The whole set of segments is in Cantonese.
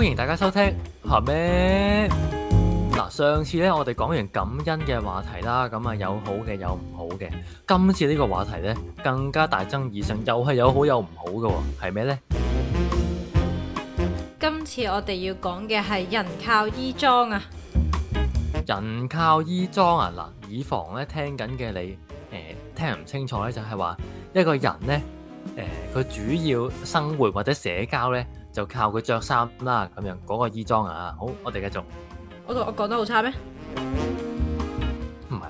歡迎大家收聽，係咩？嗱，上次咧我哋講完感恩嘅話題啦，咁啊有好嘅有唔好嘅。今次呢個話題咧更加大爭議性，又係有好有唔好嘅，係咩呢？今次我哋要講嘅係人靠衣裝啊，人靠衣裝啊。嗱，以防咧聽緊嘅你誒、呃、聽唔清楚咧，就係話一個人咧誒佢主要生活或者社交咧。就靠佢着衫啦，咁樣嗰個衣裝啊，好，我哋繼續。我我講得好差咩？唔係。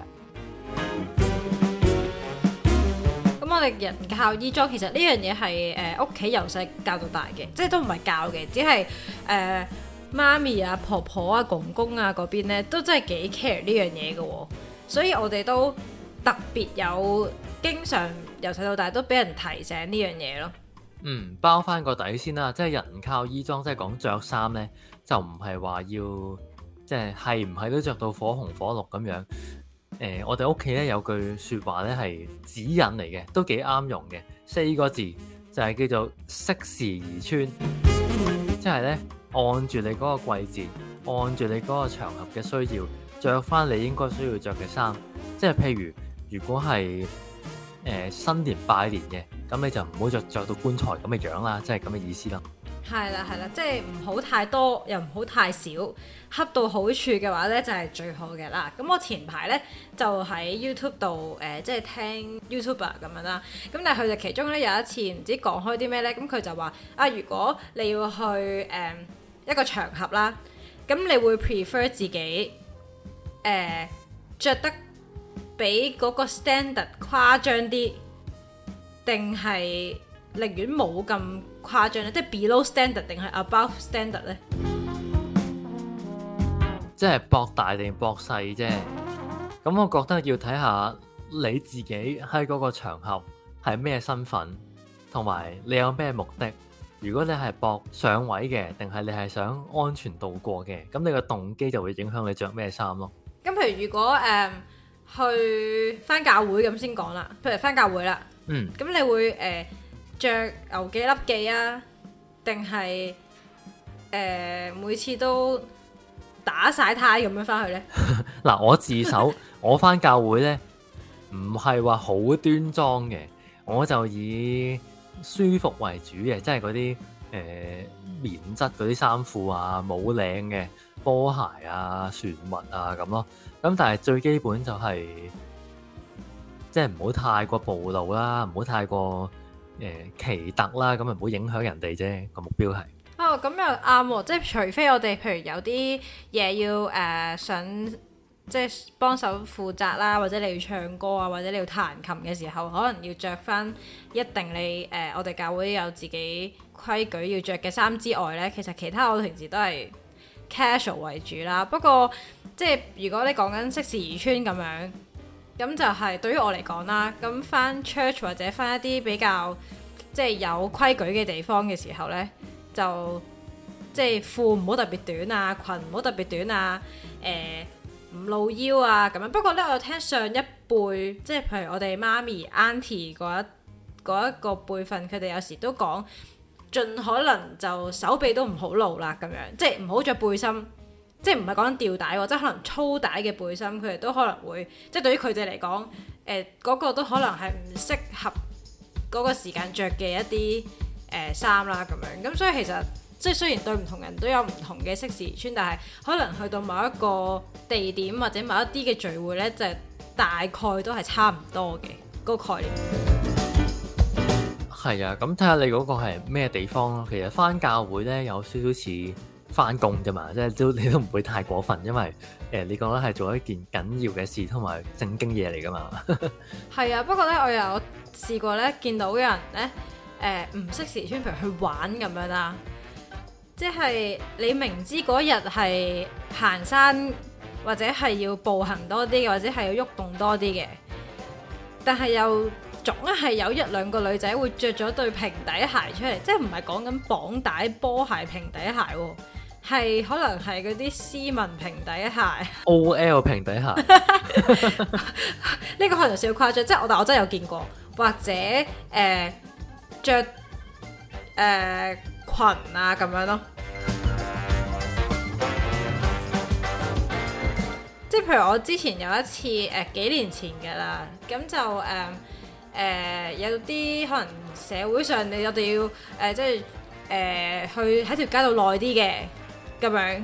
咁我哋人靠衣裝，其實呢樣嘢係誒屋企由細教到大嘅，即係都唔係教嘅，只係誒媽咪啊、婆婆啊、公公啊嗰邊咧，都真係幾 care 呢樣嘢嘅，所以我哋都特別有經常由細到大都俾人提醒呢樣嘢咯。嗯，包翻個底先啦，即係人靠衣裝，即係講着衫呢，就唔係話要即係係唔係都着到火紅火綠咁樣。誒、呃，我哋屋企呢，有句説話呢係指引嚟嘅，都幾啱用嘅。四個字就係、是、叫做適時而穿，即係呢，按住你嗰個季節，按住你嗰個場合嘅需要，着翻你應該需要着嘅衫。即係譬如，如果係誒、呃、新年拜年嘅。咁你就唔好着著到棺材咁嘅樣啦、就是，即係咁嘅意思啦。係啦，係啦，即係唔好太多，又唔好太少，恰到好處嘅話呢，就係、是、最好嘅啦。咁我前排呢，就喺 YouTube 度誒、呃，即係聽 YouTuber 咁樣啦。咁但係佢哋其中呢，有一次唔知講開啲咩呢，咁佢就話啊，如果你要去誒、呃、一個場合啦，咁你會 prefer 自己誒著、呃、得比嗰個 standard 誇張啲。定係寧願冇咁誇張咧，即係 below standard 定係 above standard 咧？即係博大定博細啫？咁我覺得要睇下你自己喺嗰個場合係咩身份，同埋你有咩目的。如果你係博上位嘅，定係你係想安全度過嘅，咁你個動機就會影響你着咩衫咯。咁譬如如果誒、嗯、去返教會咁先講啦，譬如返教會啦。嗯，咁你會誒著、呃、牛幾粒記啊？定係誒每次都打晒呔咁樣返去咧？嗱， 我自首，我返教會咧，唔係話好端莊嘅，我就以舒服為主嘅，即係嗰啲誒棉質嗰啲衫褲啊，冇領嘅波鞋啊、船襪啊咁咯。咁但係最基本就係、是。即係唔好太過暴露啦，唔好太過誒、呃、奇特啦，咁啊唔好影響人哋啫。個目標係哦，咁又啱喎。即係除非我哋譬如有啲嘢要誒、呃、想即係幫手負責啦，或者你要唱歌啊，或者你要彈琴嘅時候，可能要着翻一定你誒、呃、我哋教會有自己規矩要着嘅衫之外呢，其實其他我平時都係 casual 為主啦。不過即係如果你講緊適時穿咁樣。咁就係對於我嚟講啦，咁返 church 或者返一啲比較即係、就是、有規矩嘅地方嘅時候呢，就即係、就是、褲唔好特別短啊，裙唔好特別短啊，誒、呃、唔露腰啊咁樣。不過呢，我聽上一輩，即、就、係、是、譬如我哋媽咪、auntie 嗰一一個輩份，佢哋有時都講，盡可能就手臂都唔好露啦，咁樣即係唔好着背心。即係唔係講吊帶，即係可能粗帶嘅背心，佢哋都可能會，即係對於佢哋嚟講，誒嗰個都可能係唔適合嗰個時間著嘅一啲誒衫啦，咁樣。咁所以其實即係雖然對唔同人都有唔同嘅適時穿，但係可能去到某一個地點或者某一啲嘅聚會呢，就大概都係差唔多嘅嗰個概念。係啊，咁睇下你嗰個係咩地方咯。其實返教會呢，有少少似。翻工啫嘛，即係都你都唔會太過分，因為誒、呃、你覺得係做一件緊要嘅事同埋正經嘢嚟噶嘛。係 啊，不過咧，我又我試過咧見到有人咧誒唔識時穿，譬如去玩咁樣啦，即係你明知嗰日係行山或者係要步行多啲，或者係要喐動多啲嘅，但係又總係有一兩個女仔會着咗對平底鞋出嚟，即係唔係講緊綁帶波鞋平底鞋喎、啊。係可能係嗰啲斯文平底鞋 ，O L 平底鞋 ，呢 個可能有少少誇張，即係我但我真係有見過，或者誒著誒裙啊咁樣咯。 即係譬如我之前有一次誒、呃、幾年前嘅啦，咁就誒誒、呃呃、有啲可能社會上你我哋要誒、呃、即係誒、呃、去喺條街度耐啲嘅。咁樣，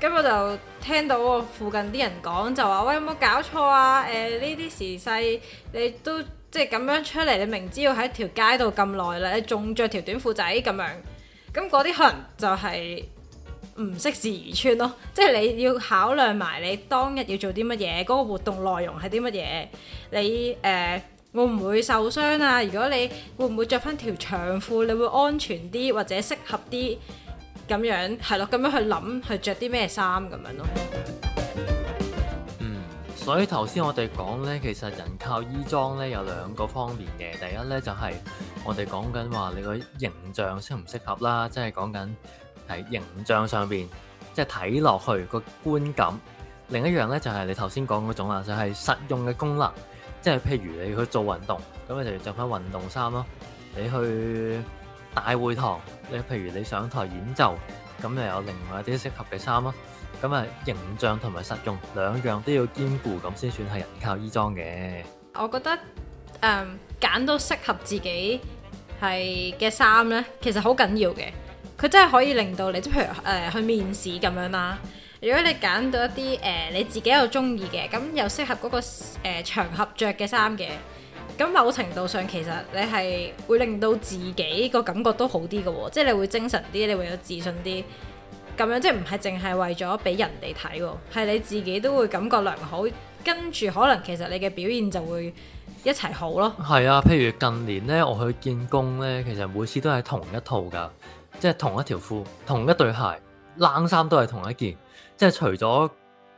咁我就聽到我附近啲人講，就話：喂，有冇搞錯啊？誒、呃，呢啲時勢，你都即係咁樣出嚟，你明知要喺條街度咁耐啦，你仲着條短褲仔咁樣，咁嗰啲可能就係唔適時宜穿咯。即係你要考量埋你當日要做啲乜嘢，嗰、嗰個活動內容係啲乜嘢，你誒、呃、會唔會受傷啊？如果你會唔會着返條長褲，你會安全啲或者適合啲？咁樣係咯，咁樣去諗去着啲咩衫咁樣咯。嗯，所以頭先我哋講咧，其實人靠衣裝咧有兩個方面嘅。第一咧就係、是、我哋講緊話你個形象適唔適合啦，即係講緊喺形象上邊，即係睇落去個觀感。另一樣咧就係你頭先講嗰種啦，就係、是就是、實用嘅功能，即係譬如你去做運動，咁你就要着翻運動衫咯。你去，大會堂，你譬如你上台演奏，咁又有另外一啲適合嘅衫咯。咁啊，形象同埋實用兩樣都要兼顧，咁先算係人靠衣裝嘅。我覺得誒，揀到適合自己係嘅衫呢，其實好緊要嘅。佢真係可以令到你，即係譬如誒、呃、去面試咁樣啦。如果你揀到一啲誒、呃、你自己又中意嘅，咁又適合嗰個誒場合着嘅衫嘅。咁某程度上，其實你係會令到自己個感覺都好啲嘅喎，即係你會精神啲，你會有自信啲，咁樣即係唔係淨係為咗俾人哋睇喎，係你自己都會感覺良好，跟住可能其實你嘅表現就會一齊好咯。係啊，譬如近年呢，我去見工呢，其實每次都係同一套㗎，即係同一條褲、同一對鞋、冷衫都係同一件，即係除咗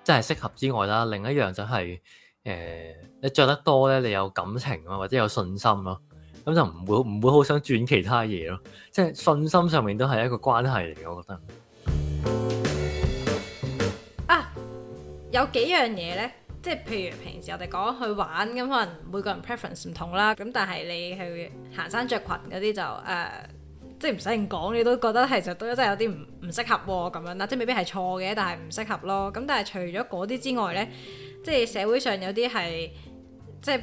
即係適合之外啦，另一樣就係、是。誒、嗯，你着得多咧，你有感情啊，或者有信心咯，咁就唔會唔會好想轉其他嘢咯。即係信心上面都係一個關係嚟，我覺得。啊，有幾樣嘢咧，即係譬如平時我哋講去玩咁，可能每個人 preference 唔同啦。咁但係你去行山着裙嗰啲就誒、呃，即係唔使咁講，你都覺得其實都真係有啲唔唔適合喎、啊、咁樣啦。即係未必係錯嘅，但係唔適合咯、啊。咁但係除咗嗰啲之外咧。即係社會上有啲係，即係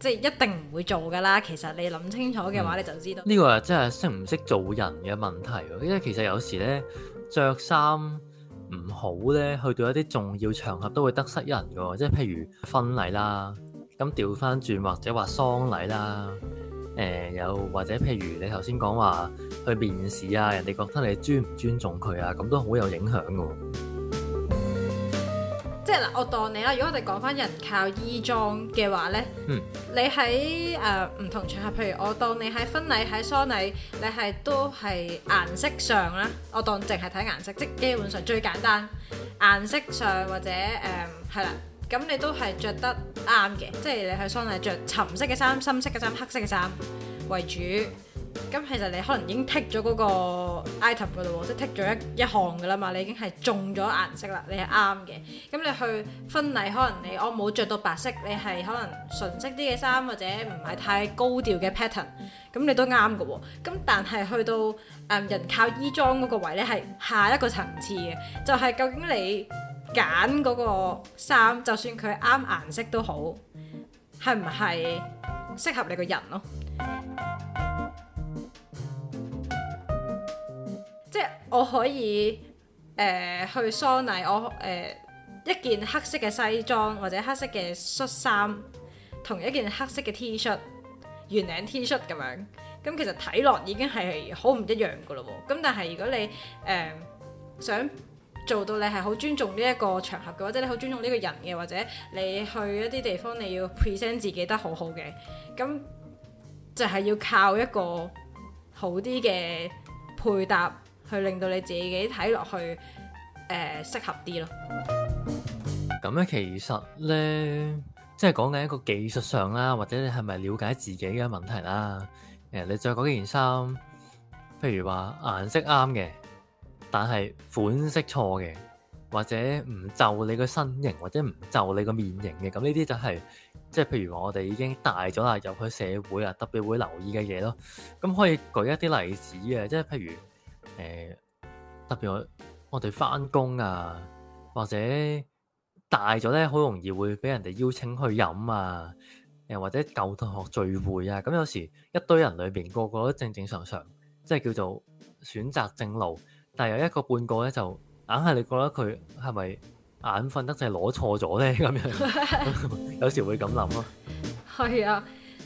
即係一定唔會做噶啦。其實你諗清楚嘅話，你就知道。呢、嗯這個啊真係識唔識做人嘅問題。因為其實有時咧着衫唔好咧，去到一啲重要場合都會得失人噶。即係譬如婚禮啦，咁調翻轉或者話喪禮啦，誒、呃、又或者譬如你頭先講話去面試啊，人哋覺得你尊唔尊重佢啊，咁都好有影響噶。嗱，我當你啦，如果我哋講翻人靠衣裝嘅話呢，嗯，你喺誒唔同場合，譬如我當你喺婚禮、喺喪禮，你係都係顏色上啦，我當淨係睇顏色，即基本上最簡單，顏色上或者誒係，嗯，啦，咁你都係着得啱嘅，即係你喺喪禮着沉色嘅衫、深色嘅衫、黑色嘅衫為主。咁其實你可能已經剔咗嗰個 item 嗰度喎，即係剔咗一一項㗎啦嘛，你已經係中咗顏色啦，你係啱嘅。咁你去婚禮，可能你我冇着到白色，你係可能純色啲嘅衫或者唔係太高調嘅 pattern，咁你都啱㗎喎。咁但係去到誒、嗯、人靠衣裝嗰個位咧，係下一個層次嘅，就係、是、究竟你揀嗰個衫，就算佢啱顏色都好，係唔係適合你個人咯？我可以誒、呃、去喪禮，我誒、呃、一件黑色嘅西裝或者黑色嘅恤衫，同一件黑色嘅 T 恤，圓領 T 恤咁樣。咁、嗯、其實睇落已經係好唔一樣噶咯。咁、嗯、但係如果你誒、呃、想做到你係好尊重呢一個場合嘅，或者你好尊重呢個人嘅，或者你去一啲地方你要 present 自己得好好嘅，咁、嗯、就係、是、要靠一個好啲嘅配搭。去令到你自己睇落去，誒、呃，適合啲咯。咁咧，其實咧，即係講緊一個技術上啦，或者你係咪了解自己嘅問題啦？誒、呃，你着 𠮶 件衫，譬如話顏色啱嘅，但係款式錯嘅，或者唔就你個身形，或者唔就你個面型嘅，咁呢啲就係、是、即係譬如話，我哋已經大咗啦，入去社會啊，特別會留意嘅嘢咯。咁可以舉一啲例子啊，即係譬如。誒、呃，特別我哋翻工啊，或者大咗咧，好容易會俾人哋邀請去飲啊，誒、呃、或者舊同學聚會啊，咁、嗯、有時一堆人裏邊，個個都正正常常，即係叫做選擇正路，但係有一個半個咧就硬係你覺得佢係咪眼瞓得滯攞錯咗咧咁樣， 有時會咁諗咯。係啊，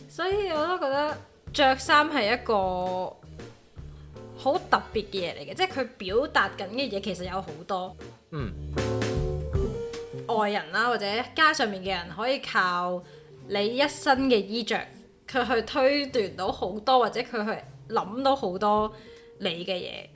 所以我都覺得着衫係一個。好特別嘅嘢嚟嘅，即係佢表達緊嘅嘢其實有好多。嗯，外人啦、啊，或者街上面嘅人可以靠你一身嘅衣着，佢去推斷到好多，或者佢去諗到好多你嘅嘢。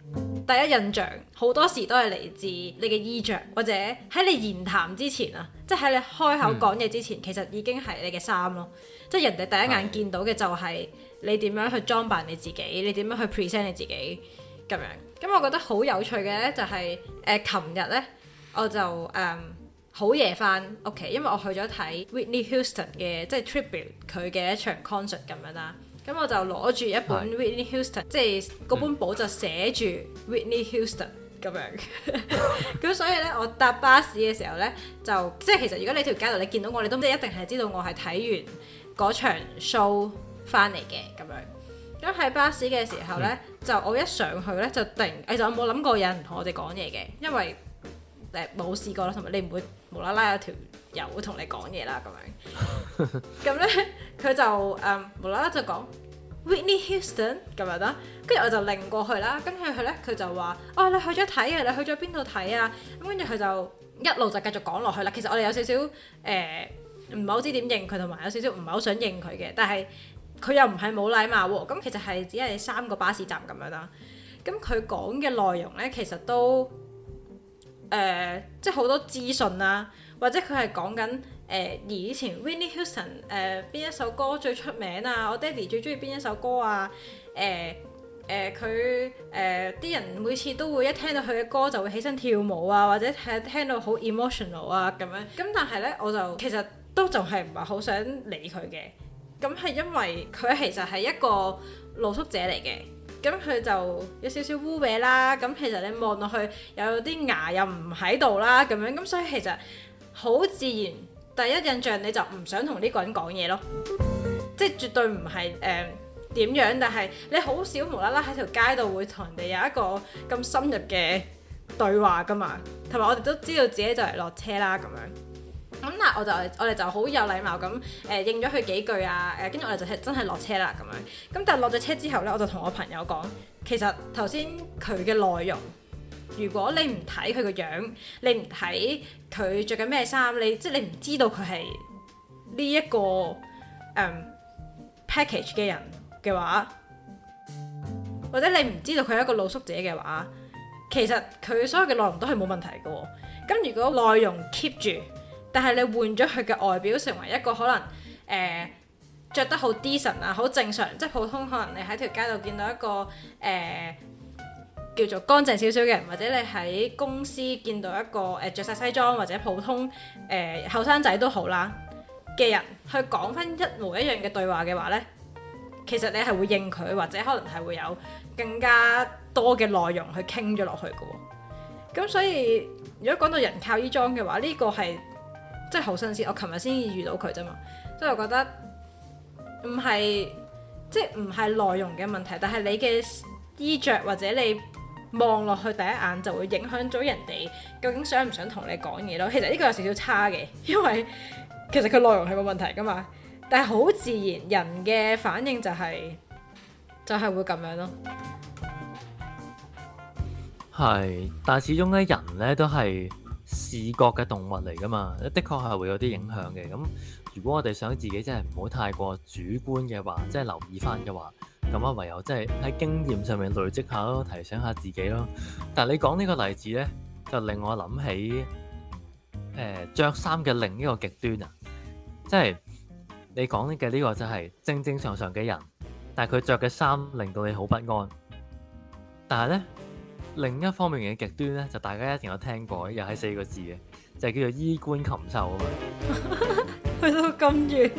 第一印象好多時都係嚟自你嘅衣着，或者喺你言談之前啊，即係喺你開口講嘢之前，嗯、其實已經係你嘅衫咯。嗯、即係人哋第一眼見到嘅就係。你點樣去裝扮你自己？你點樣去 present 你自己咁樣？咁我覺得好有趣嘅呢、就係，就係誒，琴日呢，我就誒好夜返屋企，嗯、okay, 因為我去咗睇 Whitney Houston 嘅即係 tribute 佢嘅一場 concert 咁樣啦。咁我就攞住一本 Whitney Houston、啊、即係嗰本簿就寫住 Whitney Houston 咁樣。咁 所以呢，我搭巴士嘅時候呢，就即係其實如果你條街度，你見到我，你都唔知一定係知道我係睇完嗰場 show。翻嚟嘅咁樣，咁喺巴士嘅時候呢，就我一上去呢就突然，誒，其實我冇諗過有人同我哋講嘢嘅，因為誒冇試過啦，同埋你唔會無啦啦有條友同你講嘢啦咁樣。咁呢佢就誒無啦啦就講 Whitney Houston 咁樣啦，跟住我就擰過去啦。跟住佢呢佢就話：哦，你去咗睇啊？你去咗邊度睇啊？咁跟住佢就一路就繼續講落去啦。其實我哋有少少誒唔係好知點應佢，同埋有少少唔係好想應佢嘅，但係。佢又唔係冇禮貌喎，咁其實係只係三個巴士站咁樣啦。咁佢講嘅內容呢，其實都誒，即係好多資訊啊，或者佢係講緊誒以前 Winnie Houston 誒、呃、邊一首歌最出名啊，我爹哋最中意邊一首歌啊，誒佢誒啲人每次都會一聽到佢嘅歌就會起身跳舞啊，或者係聽到好 emotional 啊咁樣。咁但係呢，我就其實都仲係唔係好想理佢嘅。咁係因為佢其實係一個露宿者嚟嘅，咁佢就有少少污穢啦。咁其實你望落去有啲牙又唔喺度啦，咁樣咁所以其實好自然，第一印象你就唔想同呢個人講嘢咯。即係絕對唔係誒點樣，但係你好少無啦啦喺條街度會同人哋有一個咁深入嘅對話噶嘛。同埋我哋都知道自己就嚟落車啦，咁樣。咁嗱、嗯，我就我哋就好有禮貌咁誒應咗佢幾句啊。誒、呃，跟住我哋就係真係落車啦。咁樣咁，但係落咗車之後呢，我就同我朋友講，其實頭先佢嘅內容，如果你唔睇佢個樣，你唔睇佢着緊咩衫，你即係你唔知道佢係呢一個誒、呃、package 嘅人嘅話，或者你唔知道佢係一個露宿者嘅話，其實佢所有嘅內容都係冇問題嘅、哦。咁如果內容 keep 住。但係你換咗佢嘅外表，成為一個可能誒著、呃、得好 decent 啊，好正常，即係普通。可能你喺條街度見到一個誒、呃、叫做乾淨少少嘅人，或者你喺公司見到一個誒著曬西裝或者普通誒後生仔都好啦嘅人，去講翻一模一樣嘅對話嘅話呢，其實你係會應佢，或者可能係會有更加多嘅內容去傾咗落去㗎。咁所以如果講到人靠衣裝嘅話，呢、呢個係。即係好新鮮，我琴日先遇到佢啫嘛，所以我覺得唔係即係唔係內容嘅問題，但係你嘅衣着，或者你望落去第一眼就會影響咗人哋究竟想唔想同你講嘢咯。其實呢個有少少差嘅，因為其實佢內容係冇問題噶嘛，但係好自然人嘅反應就係就係會咁樣咯。係，但係始終咧人咧都係。視覺嘅動物嚟㗎嘛，的確係會有啲影響嘅。咁如果我哋想自己真係唔好太過主觀嘅話，即係留意翻嘅話，咁啊唯有即係喺經驗上面累積下咯，提醒下自己咯。但係你講呢個例子呢，就令我諗起誒著衫嘅另一個極端啊！即係你講嘅呢個就係正正常常嘅人，但係佢着嘅衫令到你好不安，但係呢。另一方面嘅極端咧，就大家一定有聽過，又係四個字嘅，就係、是、叫做衣冠禽獸啊！去 到咁這遠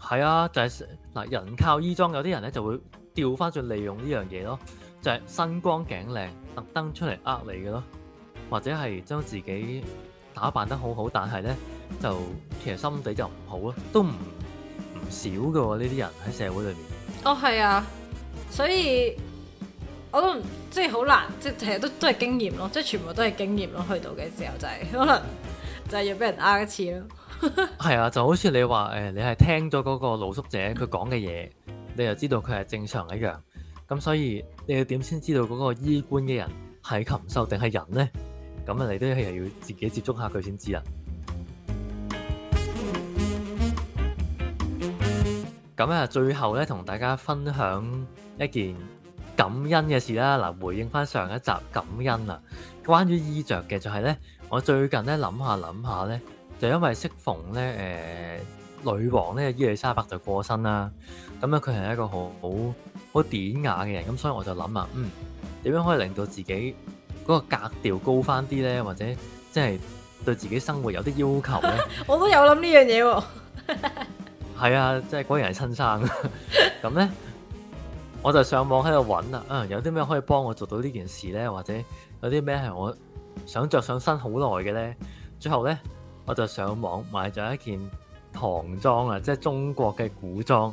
，係啊，就係、是、嗱，人靠衣裝，有啲人咧就會調翻轉利用呢樣嘢咯，就係身光頸靚，特登出嚟呃你嘅咯，或者係將自己打扮得好好，但係咧就其實心地就唔好咯，都唔少嘅喎、啊，呢啲人喺社會裏面。哦，係啊。所以我都唔，即係好難，即係成日都都係經驗咯，即係全部都係經驗咯。去到嘅時候就係、是、可能就係要俾人呃一次咯 係啊，就好似你話誒、呃，你係聽咗嗰個露宿者佢講嘅嘢，你又知道佢係正常一樣。咁所以你要點先知道嗰個衣冠嘅人係禽獸定係人呢？咁啊，你都係要自己接觸下佢先知啊。咁啊， 最後咧同大家分享。一件感恩嘅事啦，嗱，回應翻上，上一集感恩啊，關於衣着嘅就係咧，我最近咧諗下諗下咧，就是、因為適逢咧，誒、呃，女王咧伊麗莎白就過身啦，咁咧佢係一個好好好典雅嘅人，咁所以我就諗啊，嗯，點樣可以令到自己嗰個格調高翻啲咧，或者即係、就是、對自己生活有啲要求咧， 我都有諗呢樣嘢喎，係啊，即係果然係親生，咁、嗯、咧。 我就上網喺度揾啦，啊有啲咩可以幫我做到呢件事呢？或者有啲咩係我想着上身好耐嘅呢？最後呢，我就上網買咗一件唐裝啊，即係中國嘅古裝。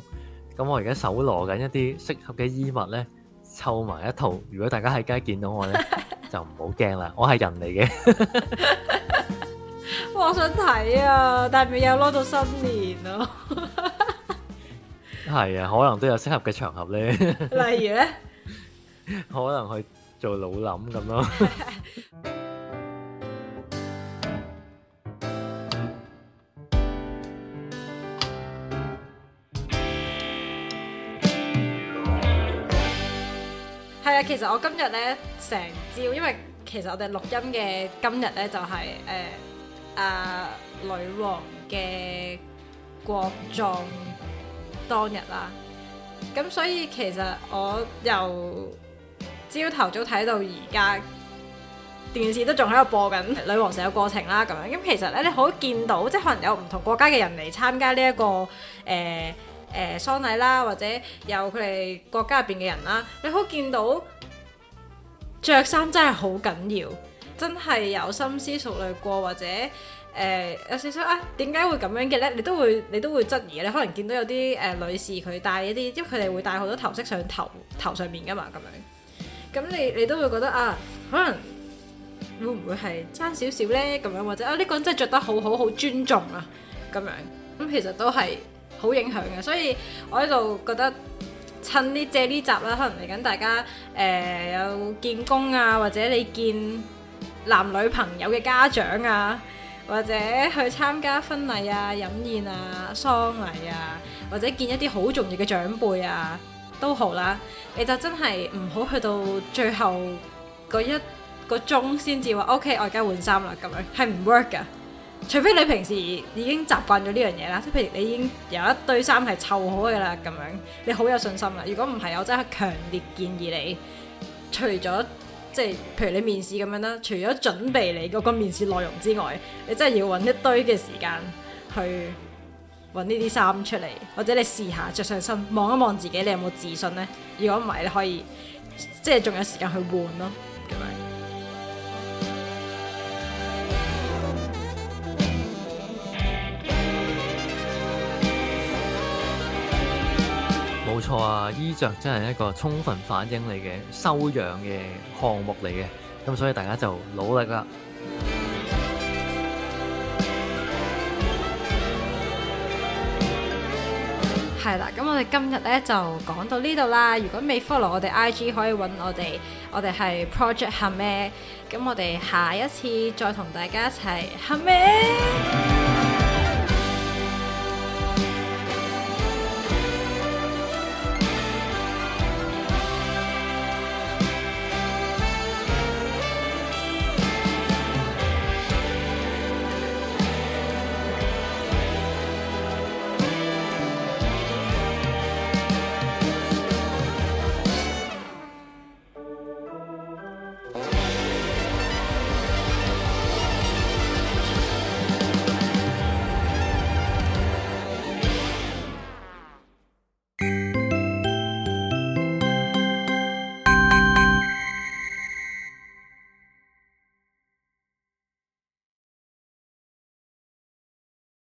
咁、嗯、我而家手攞緊一啲適合嘅衣物呢，湊埋一套。如果大家喺街見到我呢， 就唔好驚啦，我係人嚟嘅 。我想睇啊，但係未有攞到新年咯，啊。 係啊，可能都有適合嘅場合咧。例如咧，可能去做老諗咁咯。係啊，其實我今日咧成朝，因為其實我哋錄音嘅今日咧就係誒阿女王嘅國葬。當日啦，咁所以其實我由朝頭早睇到而家電視都仲喺度播緊女王城嘅過程啦，咁樣咁其實咧，你可以見到即係可能有唔同國家嘅人嚟參加呢，這，一個誒誒喪禮啦，或者有佢哋國家入邊嘅人啦，你可以見到着衫真係好緊要，真係有心思熟慮過或者。誒、呃、有少少啊，點解會咁樣嘅呢？你都會你都會質疑，你可能見到有啲誒、呃、女士佢戴一啲，因為佢哋會戴好多頭飾上頭頭上面噶嘛，咁樣。咁你你都會覺得啊，可能會唔會係差少少呢？咁樣或者啊，呢、呢個人真係着得好好，好尊重啊，咁樣。咁、嗯、其實都係好影響嘅。所以我喺度覺得，趁呢借呢集啦、啊，可能嚟緊大家誒、呃、有見工啊，或者你見男女朋友嘅家長啊。或者去參加婚禮啊、飲宴啊、喪禮啊，或者見一啲好重要嘅長輩啊，都好啦。你就真係唔好去到最後嗰一個鐘先至話，OK，我而家換衫啦，咁樣係唔 work 噶。除非你平時已經習慣咗呢樣嘢啦，即係譬如你已經有一堆衫係湊好嘅啦，咁樣你好有信心啦。如果唔係，我真係強烈建議你，除咗。即係，譬如你面試咁樣啦，除咗準備你嗰個面試內容之外，你真係要搵一堆嘅時間去搵呢啲衫出嚟，或者你試下着上身，望一望自己，你有冇自信呢？如果唔係，你可以即係仲有時間去換咯。冇錯啊，衣着真係一個充分反映你嘅修養嘅項目嚟嘅，咁所以大家就努力啦。係啦，咁我哋今日咧就講到呢度啦。如果未 follow 我哋 IG，可以揾我哋，我哋係 Project Happy。咁我哋下一次再同大家一齊 Happy。